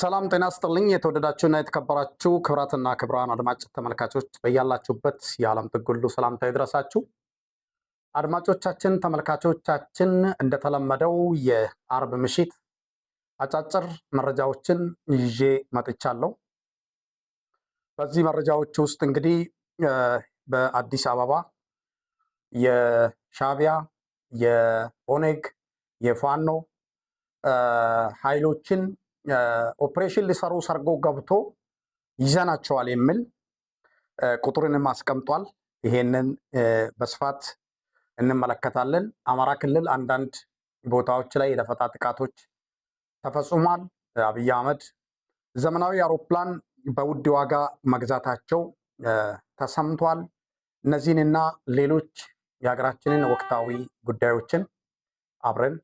ሰላም ጤና ስጥልኝ። የተወደዳችሁና የተከበራችሁ ክብራትና ክብራን አድማጭ ተመልካቾች በያላችሁበት የዓለም ጥግ ሁሉ ሰላምታ ይድረሳችሁ። አድማጮቻችን፣ ተመልካቾቻችን እንደተለመደው የአርብ ምሽት አጫጭር መረጃዎችን ይዤ መጥቻለሁ። በዚህ መረጃዎች ውስጥ እንግዲህ በአዲስ አበባ የሻቢያ የኦኔግ የፋኖ ኃይሎችን ኦፕሬሽን ሊሰሩ ሰርጎ ገብቶ ይዘናቸዋል የሚል ቁጥርንም አስቀምጧል። ይሄንን በስፋት እንመለከታለን። አማራ ክልል አንዳንድ ቦታዎች ላይ የደፈጣ ጥቃቶች ተፈጽሟል። አብይ አህመድ ዘመናዊ አውሮፕላን በውድ ዋጋ መግዛታቸው ተሰምቷል። እነዚህንና ሌሎች የሀገራችንን ወቅታዊ ጉዳዮችን አብረን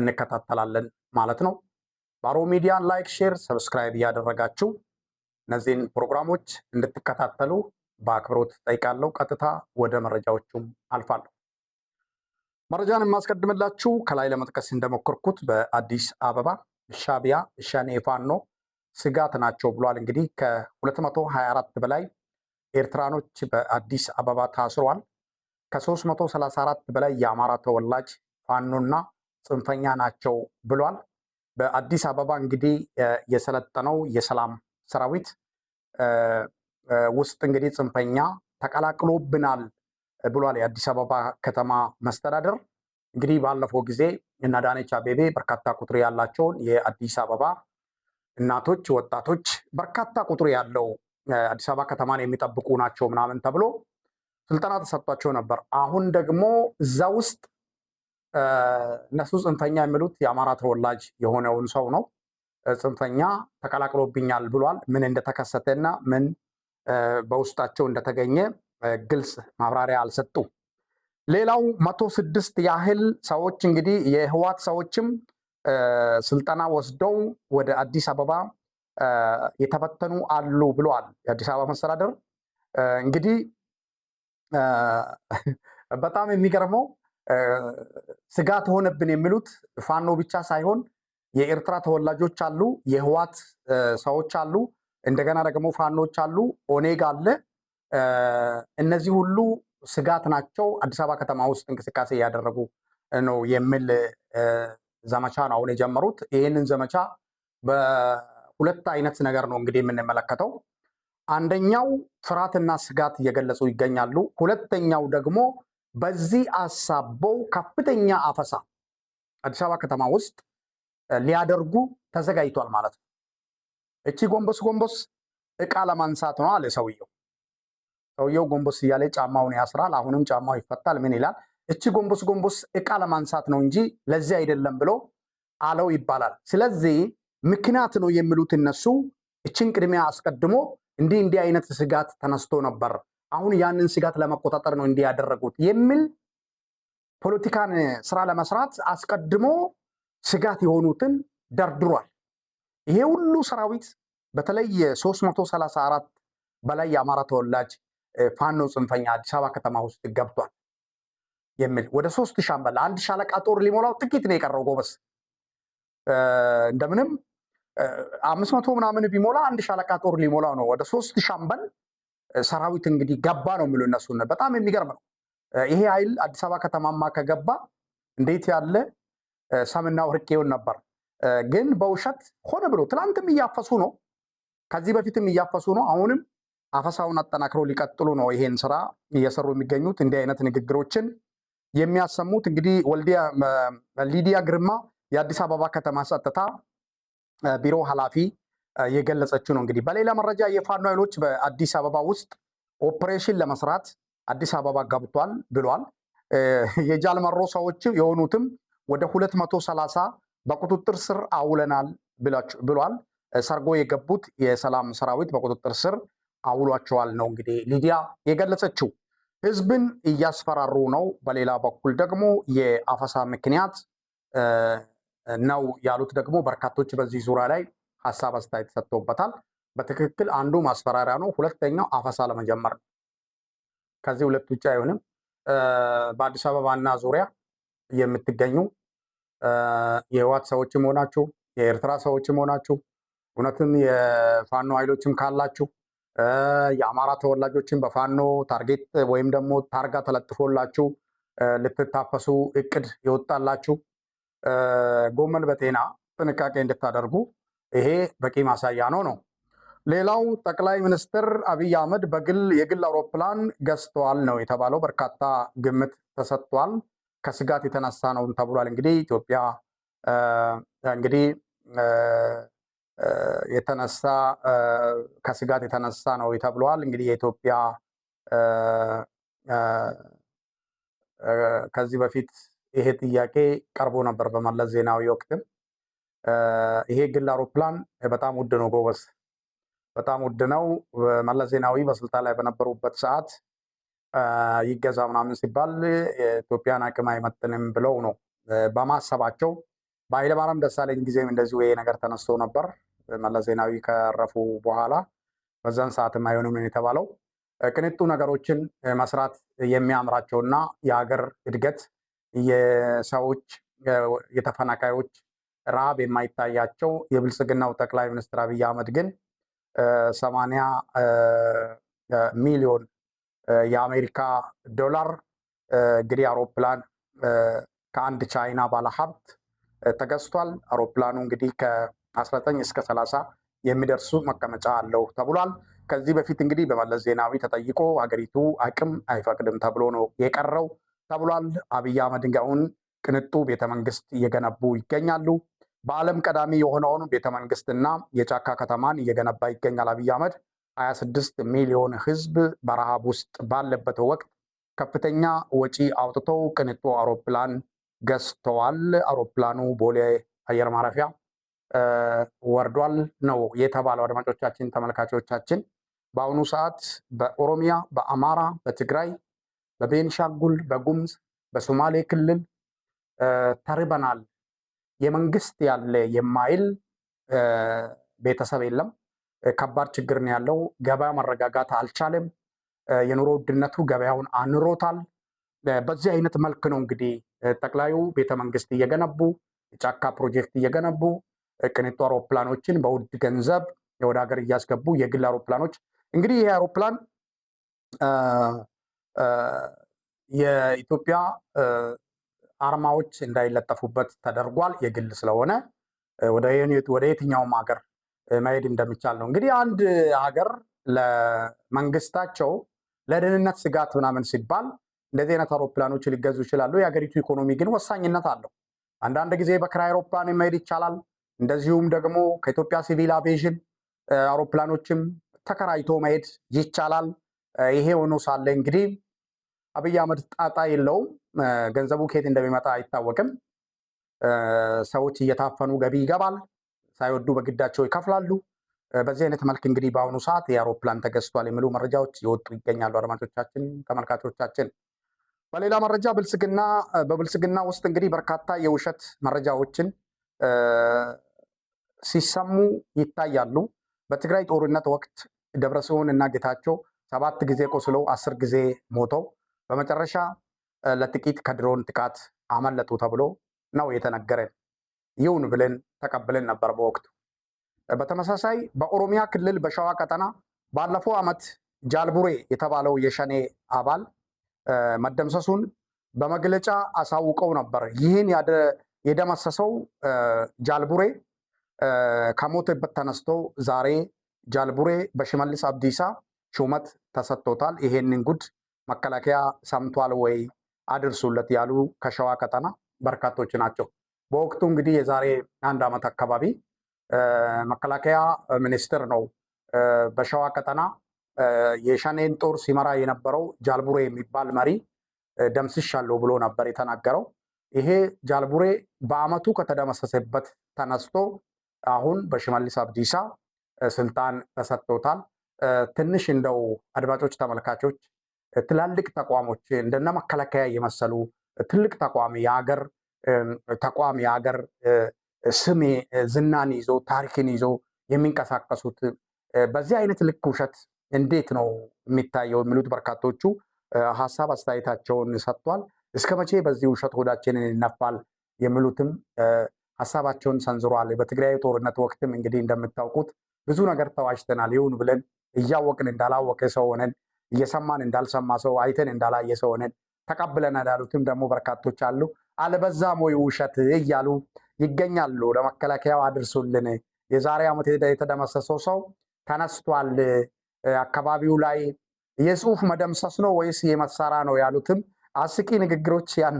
እንከታተላለን ማለት ነው። ባሮ ሚዲያን ላይክ፣ ሼር፣ ሰብስክራይብ እያደረጋችሁ እነዚህን ፕሮግራሞች እንድትከታተሉ በአክብሮት ጠይቃለሁ። ቀጥታ ወደ መረጃዎቹም አልፋለሁ። መረጃን የማስቀድምላችሁ ከላይ ለመጥቀስ እንደሞከርኩት በአዲስ አበባ ሻቢያ ሸኔ ፋኖ ስጋት ናቸው ብሏል። እንግዲህ ከ224 በላይ ኤርትራኖች በአዲስ አበባ ታስረዋል። ከ334 በላይ የአማራ ተወላጅ ፋኖና ጽንፈኛ ናቸው ብሏል። በአዲስ አበባ እንግዲህ የሰለጠነው የሰላም ሰራዊት ውስጥ እንግዲህ ጽንፈኛ ተቀላቅሎብናል ብሏል። የአዲስ አበባ ከተማ መስተዳደር እንግዲህ ባለፈው ጊዜ እነ አዳነች አቤቤ በርካታ ቁጥር ያላቸውን የአዲስ አበባ እናቶች፣ ወጣቶች በርካታ ቁጥር ያለው አዲስ አበባ ከተማን የሚጠብቁ ናቸው ምናምን ተብሎ ስልጠና ተሰጥቷቸው ነበር። አሁን ደግሞ እዛ ውስጥ እነሱ ጽንፈኛ የሚሉት የአማራ ተወላጅ የሆነውን ሰው ነው። ጽንፈኛ ተቀላቅሎብኛል ብሏል። ምን እንደተከሰተ እና ምን በውስጣቸው እንደተገኘ ግልጽ ማብራሪያ አልሰጡ። ሌላው መቶ ስድስት ያህል ሰዎች እንግዲህ የህዋት ሰዎችም ስልጠና ወስደው ወደ አዲስ አበባ የተበተኑ አሉ ብለዋል። የአዲስ አበባ መስተዳደር እንግዲህ በጣም የሚገርመው ስጋት ሆነብን የሚሉት ፋኖ ብቻ ሳይሆን የኤርትራ ተወላጆች አሉ፣ የህዋት ሰዎች አሉ፣ እንደገና ደግሞ ፋኖች አሉ፣ ኦኔግ አለ። እነዚህ ሁሉ ስጋት ናቸው፣ አዲስ አበባ ከተማ ውስጥ እንቅስቃሴ እያደረጉ ነው የሚል ዘመቻ ነው አሁን የጀመሩት። ይህንን ዘመቻ በሁለት አይነት ነገር ነው እንግዲህ የምንመለከተው። አንደኛው ፍርሃትና ስጋት እየገለጹ ይገኛሉ። ሁለተኛው ደግሞ በዚህ አሳበው ከፍተኛ አፈሳ አዲስ አበባ ከተማ ውስጥ ሊያደርጉ ተዘጋጅቷል ማለት ነው። እቺ ጎንበስ ጎንበስ እቃ ለማንሳት ነው አለ ሰውየው። ሰውየው ጎንበስ እያለ ጫማውን ያስራል። አሁንም ጫማው ይፈታል። ምን ይላል? እቺ ጎንበስ ጎንበስ እቃ ለማንሳት ነው እንጂ ለዚህ አይደለም ብሎ አለው ይባላል። ስለዚህ ምክንያት ነው የሚሉት እነሱ። እችን ቅድሚያ አስቀድሞ እንዲህ እንዲህ አይነት ስጋት ተነስቶ ነበር አሁን ያንን ስጋት ለመቆጣጠር ነው እንዲህ ያደረጉት የሚል ፖለቲካን ስራ ለመስራት አስቀድሞ ስጋት የሆኑትን ደርድሯል። ይሄ ሁሉ ሰራዊት በተለይ የ334 በላይ የአማራ ተወላጅ ፋኖ ጽንፈኛ አዲስ አበባ ከተማ ውስጥ ገብቷል የሚል ወደ ሶስት ሻምበል አንድ ሻለቃ ጦር ሊሞላው ጥቂት ነው የቀረው። ጎበስ እንደምንም አምስት መቶ ምናምን ቢሞላ አንድ ሻለቃ ጦር ሊሞላው ነው። ወደ ሶስት ሻምበል ሰራዊት እንግዲህ ገባ ነው የሚሉ እነሱ በጣም የሚገርም ነው። ይሄ ኃይል አዲስ አበባ ከተማማ ከገባ እንዴት ያለ ሰምና ወርቅ ይሆን ነበር። ግን በውሸት ሆነ ብሎ ትላንትም እያፈሱ ነው፣ ከዚህ በፊትም እያፈሱ ነው። አሁንም አፈሳውን አጠናክረው ሊቀጥሉ ነው ይሄን ስራ እየሰሩ የሚገኙት እንዲህ አይነት ንግግሮችን የሚያሰሙት እንግዲህ ወልዲያ ሊዲያ ግርማ የአዲስ አበባ ከተማ ጸጥታ ቢሮ ኃላፊ የገለጸችው ነው። እንግዲህ በሌላ መረጃ የፋኖ ኃይሎች በአዲስ አበባ ውስጥ ኦፕሬሽን ለመስራት አዲስ አበባ ገብቷል ብሏል። የጃልመሮ ሰዎች የሆኑትም ወደ 230 በቁጥጥር ስር አውለናል ብሏል። ሰርጎ የገቡት የሰላም ሰራዊት በቁጥጥር ስር አውሏቸዋል ነው እንግዲህ ሊዲያ የገለጸችው። ህዝብን እያስፈራሩ ነው። በሌላ በኩል ደግሞ የአፈሳ ምክንያት ነው ያሉት ደግሞ በርካቶች በዚህ ዙሪያ ላይ ሀሳብ አስተያየት ሰጥቶበታል። በትክክል አንዱ ማስፈራሪያ ነው፣ ሁለተኛው አፈሳ ለመጀመር ነው። ከዚህ ሁለት ውጭ አይሆንም። በአዲስ አበባና ዙሪያ የምትገኙ የህወሓት ሰዎችም ሆናችሁ የኤርትራ ሰዎችም ሆናችሁ እውነትም የፋኖ ኃይሎችም ካላችሁ የአማራ ተወላጆችን በፋኖ ታርጌት ወይም ደግሞ ታርጋ ተለጥፎላችሁ ልትታፈሱ እቅድ ይወጣላችሁ ጎመን በጤና ጥንቃቄ እንድታደርጉ ይሄ በቂ ማሳያ ነው ነው። ሌላው ጠቅላይ ሚኒስትር አብይ አህመድ በግል የግል አውሮፕላን ገዝተዋል ነው የተባለው። በርካታ ግምት ተሰጥቷል። ከስጋት የተነሳ ነው ተብሏል። እንግዲህ ኢትዮጵያ እንግዲህ የተነሳ ከስጋት የተነሳ ነው ተብሏል። እንግዲህ የኢትዮጵያ ከዚህ በፊት ይሄ ጥያቄ ቀርቦ ነበር በመለስ ዜናዊ ወቅትም ይሄ ግል አውሮፕላን በጣም ውድ ነው ጎበዝ፣ በጣም ውድ ነው። መለስ ዜናዊ በስልጣን ላይ በነበሩበት ሰዓት ይገዛ ምናምን ሲባል የኢትዮጵያን አቅም አይመጥንም ብለው ነው በማሰባቸው። በኃይለማርያም ደሳለኝ ጊዜም እንደዚሁ ይሄ ነገር ተነስቶ ነበር። መለስ ዜናዊ ከረፉ በኋላ በዛን ሰዓትም አይሆንም ነው የተባለው። ቅንጡ ነገሮችን መስራት የሚያምራቸውና የሀገር እድገት የሰዎች የተፈናቃዮች ረሃብ የማይታያቸው የብልጽግናው ጠቅላይ ሚኒስትር አብይ አህመድ ግን ሰማንያ ሚሊዮን የአሜሪካ ዶላር እንግዲህ አውሮፕላን ከአንድ ቻይና ባለሀብት ተገዝቷል። አውሮፕላኑ እንግዲህ ከ19 እስከ 30 የሚደርሱ መቀመጫ አለው ተብሏል። ከዚህ በፊት እንግዲህ በመለስ ዜናዊ ተጠይቆ ሀገሪቱ አቅም አይፈቅድም ተብሎ ነው የቀረው ተብሏል። አብይ አህመድ አሁን ቅንጡ ቤተመንግስት እየገነቡ ይገኛሉ። በዓለም ቀዳሚ የሆነውን ቤተመንግስትና የጫካ ከተማን እየገነባ ይገኛል። አብይ አህመድ 26 ሚሊዮን ህዝብ በረሃብ ውስጥ ባለበት ወቅት ከፍተኛ ወጪ አውጥተው ቅንጦ አውሮፕላን ገዝተዋል። አውሮፕላኑ ቦሌ አየር ማረፊያ ወርዷል ነው የተባለው። አድማጮቻችን፣ ተመልካቾቻችን በአሁኑ ሰዓት በኦሮሚያ፣ በአማራ፣ በትግራይ፣ በቤንሻንጉል፣ በጉምዝ፣ በሶማሌ ክልል ተርበናል የመንግስት ያለ የማይል ቤተሰብ የለም። ከባድ ችግር ነው ያለው። ገበያ መረጋጋት አልቻለም። የኑሮ ውድነቱ ገበያውን አንሮታል። በዚህ አይነት መልክ ነው እንግዲህ ጠቅላዩ ቤተ መንግስት እየገነቡ የጫካ ፕሮጀክት እየገነቡ ቅንጡ አውሮፕላኖችን በውድ ገንዘብ ወደ ሀገር እያስገቡ የግል አውሮፕላኖች እንግዲህ ይህ አውሮፕላን የኢትዮጵያ አርማዎች እንዳይለጠፉበት ተደርጓል። የግል ስለሆነ ወደ የትኛውም ሀገር መሄድ እንደሚቻል ነው። እንግዲህ አንድ ሀገር ለመንግስታቸው ለደህንነት ስጋት ምናምን ሲባል እንደዚህ አይነት አውሮፕላኖች ሊገዙ ይችላሉ። የሀገሪቱ ኢኮኖሚ ግን ወሳኝነት አለው። አንዳንድ ጊዜ በክራይ አውሮፕላን መሄድ ይቻላል። እንደዚሁም ደግሞ ከኢትዮጵያ ሲቪል አቪዬሽን አውሮፕላኖችም ተከራይቶ መሄድ ይቻላል። ይሄ ሆኖ ሳለ እንግዲህ አብይ አህመድ ጣጣ የለውም። ገንዘቡ ከየት እንደሚመጣ አይታወቅም። ሰዎች እየታፈኑ ገቢ ይገባል፣ ሳይወዱ በግዳቸው ይከፍላሉ። በዚህ አይነት መልክ እንግዲህ በአሁኑ ሰዓት የአውሮፕላን ተገዝቷል የሚሉ መረጃዎች የወጡ ይገኛሉ። አድማጮቻችን፣ ተመልካቾቻችን በሌላ መረጃ ብልጽግና በብልጽግና ውስጥ እንግዲህ በርካታ የውሸት መረጃዎችን ሲሰሙ ይታያሉ። በትግራይ ጦርነት ወቅት ደብረጽዮን እና ጌታቸው ሰባት ጊዜ ቆስለው አስር ጊዜ ሞተው በመጨረሻ ለጥቂት ከድሮን ጥቃት አመለጡ ተብሎ ነው የተነገረን። ይሁን ብለን ተቀብለን ነበር በወቅቱ። በተመሳሳይ በኦሮሚያ ክልል በሸዋ ቀጠና ባለፈው ዓመት ጃልቡሬ የተባለው የሸኔ አባል መደምሰሱን በመግለጫ አሳውቀው ነበር። ይህን የደመሰሰው ጃልቡሬ ከሞተበት ተነስቶ ዛሬ ጃልቡሬ በሽመልስ አብዲሳ ሹመት ተሰጥቶታል። ይሄንን ጉድ መከላከያ ሰምቷል ወይ አድርሱለት ያሉ ከሸዋ ቀጠና በርካቶች ናቸው። በወቅቱ እንግዲህ የዛሬ አንድ ዓመት አካባቢ መከላከያ ሚኒስትር ነው በሸዋ ቀጠና የሸኔን ጦር ሲመራ የነበረው ጃልቡሬ የሚባል መሪ ደምስሻለሁ ብሎ ነበር የተናገረው። ይሄ ጃልቡሬ በአመቱ ከተደመሰሰበት ተነስቶ አሁን በሽመልስ አብዲሳ ስልጣን ተሰጥቶታል። ትንሽ እንደው አድማጮች፣ ተመልካቾች ትላልቅ ተቋሞች እንደነ መከላከያ የመሰሉ ትልቅ ተቋም የሀገር ተቋም የሀገር ስሜ ዝናን ይዞ ታሪክን ይዞ የሚንቀሳቀሱት በዚህ አይነት ልክ ውሸት እንዴት ነው የሚታየው? የሚሉት በርካቶቹ ሀሳብ አስተያየታቸውን ሰጥቷል። እስከ መቼ በዚህ ውሸት ሆዳችንን ይነፋል? የሚሉትም ሀሳባቸውን ሰንዝሯል። በትግራይ ጦርነት ወቅትም እንግዲህ እንደምታውቁት ብዙ ነገር ተዋጅተናል። ይሁን ብለን እያወቅን እንዳላወቀ ሰው ሆነን እየሰማን እንዳልሰማ ሰው አይተን እንዳላየ ሰው ሆነን ተቀብለናል ያሉትም ደግሞ በርካቶች አሉ። አልበዛም ወይ ውሸት እያሉ ይገኛሉ። ለመከላከያው አድርሱልን። የዛሬ ዓመት የተደመሰሰው ሰው ተነስቷል። አካባቢው ላይ የጽሁፍ መደምሰስ ነው ወይስ የመሳሪያ ነው ያሉትም አስቂ ንግግሮች ያን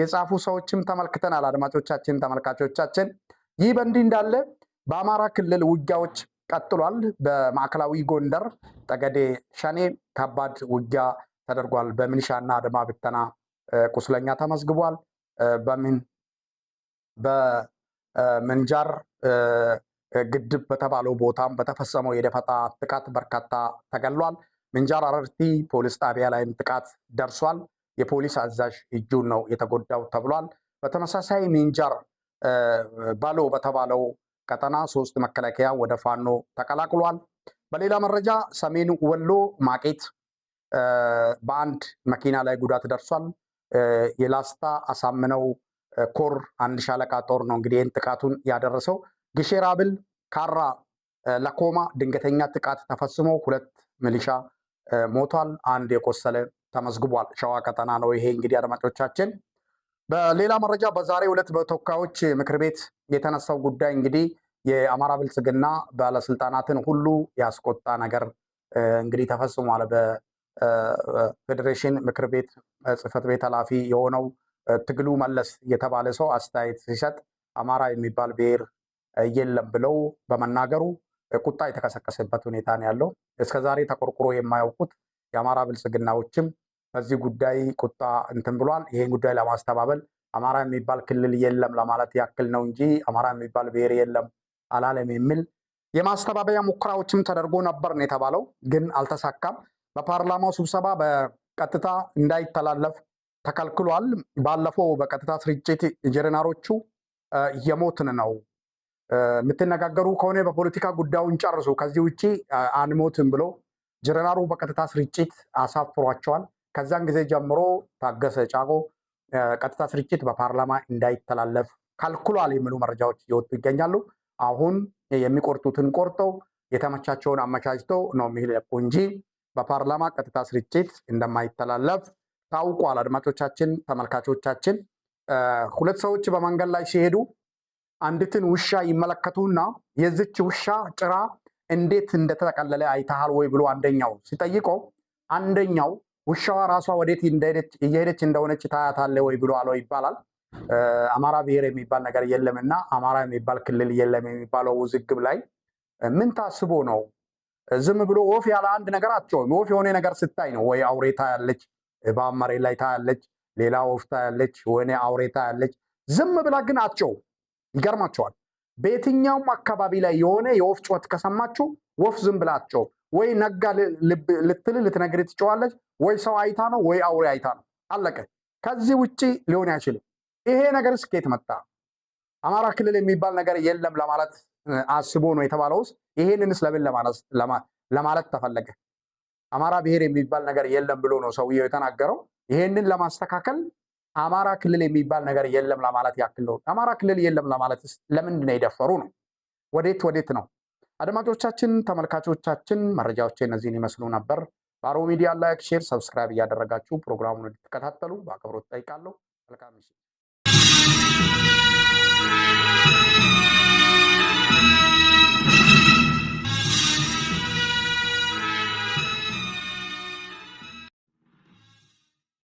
የጻፉ ሰዎችም ተመልክተናል። አድማጮቻችን፣ ተመልካቾቻችን ይህ በእንዲህ እንዳለ በአማራ ክልል ውጊያዎች ቀጥሏል። በማዕከላዊ ጎንደር ጠገዴ ሸኔ ከባድ ውጊያ ተደርጓል። በሚኒሻና አድማ ብተና ቁስለኛ ተመዝግቧል። በምን በምንጃር ግድብ በተባለው ቦታም በተፈጸመው የደፈጣ ጥቃት በርካታ ተገሏል። ምንጃር አረርቲ ፖሊስ ጣቢያ ላይም ጥቃት ደርሷል። የፖሊስ አዛዥ እጁን ነው የተጎዳው ተብሏል። በተመሳሳይ ምንጃር ባሎ በተባለው ቀጠና ሶስት መከላከያ ወደ ፋኖ ተቀላቅሏል። በሌላ መረጃ ሰሜን ወሎ ማቄት በአንድ መኪና ላይ ጉዳት ደርሷል። የላስታ አሳምነው ኮር አንድ ሻለቃ ጦር ነው እንግዲህ ይህን ጥቃቱን ያደረሰው። ግሼ ብል ካራ ለኮማ ድንገተኛ ጥቃት ተፈጽሞ ሁለት ሚሊሻ ሞቷል፣ አንድ የቆሰለ ተመዝግቧል። ሸዋ ቀጠና ነው ይሄ እንግዲህ አድማጮቻችን በሌላ መረጃ በዛሬ ሁለት በተወካዮች ምክር ቤት የተነሳው ጉዳይ እንግዲህ የአማራ ብልጽግና ባለስልጣናትን ሁሉ ያስቆጣ ነገር እንግዲህ ተፈጽሟል። በፌዴሬሽን ምክር ቤት ጽህፈት ቤት ኃላፊ የሆነው ትግሉ መለስ የተባለ ሰው አስተያየት ሲሰጥ አማራ የሚባል ብሔር የለም ብለው በመናገሩ ቁጣ የተቀሰቀሰበት ሁኔታ ነው ያለው። እስከዛሬ ተቆርቁሮ የማያውቁት የአማራ ብልጽግናዎችም በዚህ ጉዳይ ቁጣ እንትን ብሏል። ይህን ጉዳይ ለማስተባበል አማራ የሚባል ክልል የለም ለማለት ያክል ነው እንጂ አማራ የሚባል ብሔር የለም አላለም የሚል የማስተባበያ ሙከራዎችም ተደርጎ ነበር ነው የተባለው፣ ግን አልተሳካም። በፓርላማው ስብሰባ በቀጥታ እንዳይተላለፍ ተከልክሏል። ባለፈው በቀጥታ ስርጭት ጀነራሎቹ የሞትን ነው የምትነጋገሩ ከሆነ በፖለቲካ ጉዳዩን ጨርሱ፣ ከዚህ ውጭ አንሞትም ብሎ ጀነራሉ በቀጥታ ስርጭት አሳፍሯቸዋል። ከዛን ጊዜ ጀምሮ ታገሰ ጫቆ ቀጥታ ስርጭት በፓርላማ እንዳይተላለፍ ከልክሏል የሚሉ መረጃዎች እየወጡ ይገኛሉ። አሁን የሚቆርጡትን ቆርጠው የተመቻቸውን አመቻችቶ ነው የሚለቁ እንጂ በፓርላማ ቀጥታ ስርጭት እንደማይተላለፍ ታውቋል። አድማጮቻችን፣ ተመልካቾቻችን ሁለት ሰዎች በመንገድ ላይ ሲሄዱ አንዲትን ውሻ ይመለከቱና የዚች ውሻ ጭራ እንዴት እንደተጠቀለለ አይተሃል ወይ ብሎ አንደኛው ሲጠይቀው አንደኛው ውሻዋ ራሷ ወዴት እየሄደች እንደሆነች ታያታለህ ወይ ብሎ አለው ይባላል። አማራ ብሔር የሚባል ነገር የለም እና አማራ የሚባል ክልል የለም የሚባለው ውዝግብ ላይ ምን ታስቦ ነው? ዝም ብሎ ወፍ ያለ አንድ ነገር አትጮህም። ወፍ የሆነ ነገር ስታይ ነው ወይ አውሬ ታያለች፣ እባብ መሬት ላይ ታያለች፣ ሌላ ወፍ ታያለች፣ ወይ አውሬ ታያለች። ዝም ብላ ግን አትጮህም። ይገርማቸዋል። በየትኛውም አካባቢ ላይ የሆነ የወፍ ጩኸት ከሰማችሁ ወፍ ዝም ብላ አትጮህም። ወይ ነጋ ልትል ልትነግር ትጨዋለች፣ ወይ ሰው አይታ ነው፣ ወይ አውሬ አይታ ነው። አለቀ። ከዚህ ውጭ ሊሆን አይችልም። ይሄ ነገር ስኬት መጣ አማራ ክልል የሚባል ነገር የለም ለማለት አስቦ ነው የተባለው ውስጥ ይሄንንስ ለምን ለማለት ተፈለገ? አማራ ብሔር የሚባል ነገር የለም ብሎ ነው ሰውየው የተናገረው። ይሄንን ለማስተካከል አማራ ክልል የሚባል ነገር የለም ለማለት ያክል ነው። አማራ ክልል የለም ለማለት ለምንድን ነው የደፈሩ ነው? ወዴት ወዴት ነው አድማጮቻችን፣ ተመልካቾቻችን መረጃዎች እነዚህን ይመስሉ ነበር። ባሮ ሚዲያ ላይክ፣ ሼር፣ ሰብስክራይብ እያደረጋችሁ ፕሮግራሙን እንድትከታተሉ በአክብሮት ጠይቃለሁ። መልካም